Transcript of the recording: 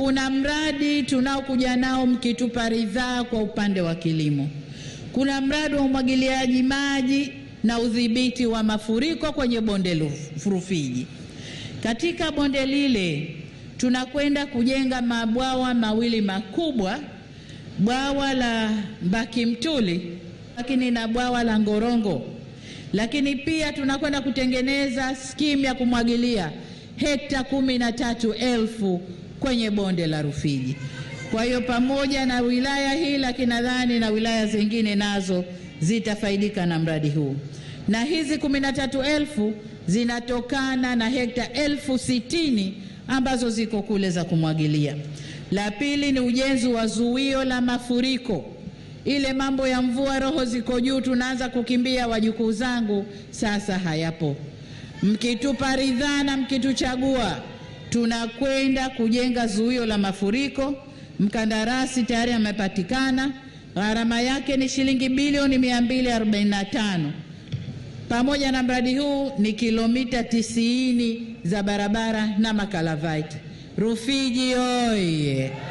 Kuna mradi tunaokuja nao mkitupa ridhaa kwa upande wa kilimo, kuna mradi wa umwagiliaji maji na udhibiti wa mafuriko kwenye bonde Rufiji. Katika bonde lile tunakwenda kujenga mabwawa mawili makubwa, bwawa la Mbakimtuli lakini na bwawa la Ngorongo, lakini pia tunakwenda kutengeneza skimu ya kumwagilia hekta kumi na tatu elfu kwenye bonde la Rufiji. Kwa hiyo pamoja na wilaya hii, lakini nadhani na wilaya zingine nazo zitafaidika na mradi huu, na hizi kumi na tatu elfu zinatokana na hekta elfu sitini ambazo ziko kule za kumwagilia. La pili ni ujenzi wa zuio la mafuriko. Ile mambo ya mvua, roho ziko juu, tunaanza kukimbia, wajukuu zangu, sasa hayapo mkitupa ridhaa na mkituchagua, tunakwenda kujenga zuio la mafuriko. Mkandarasi tayari amepatikana, gharama yake ni shilingi bilioni 245. Pamoja na mradi huu ni kilomita 90 za barabara na Makalavaiti. Rufiji oye!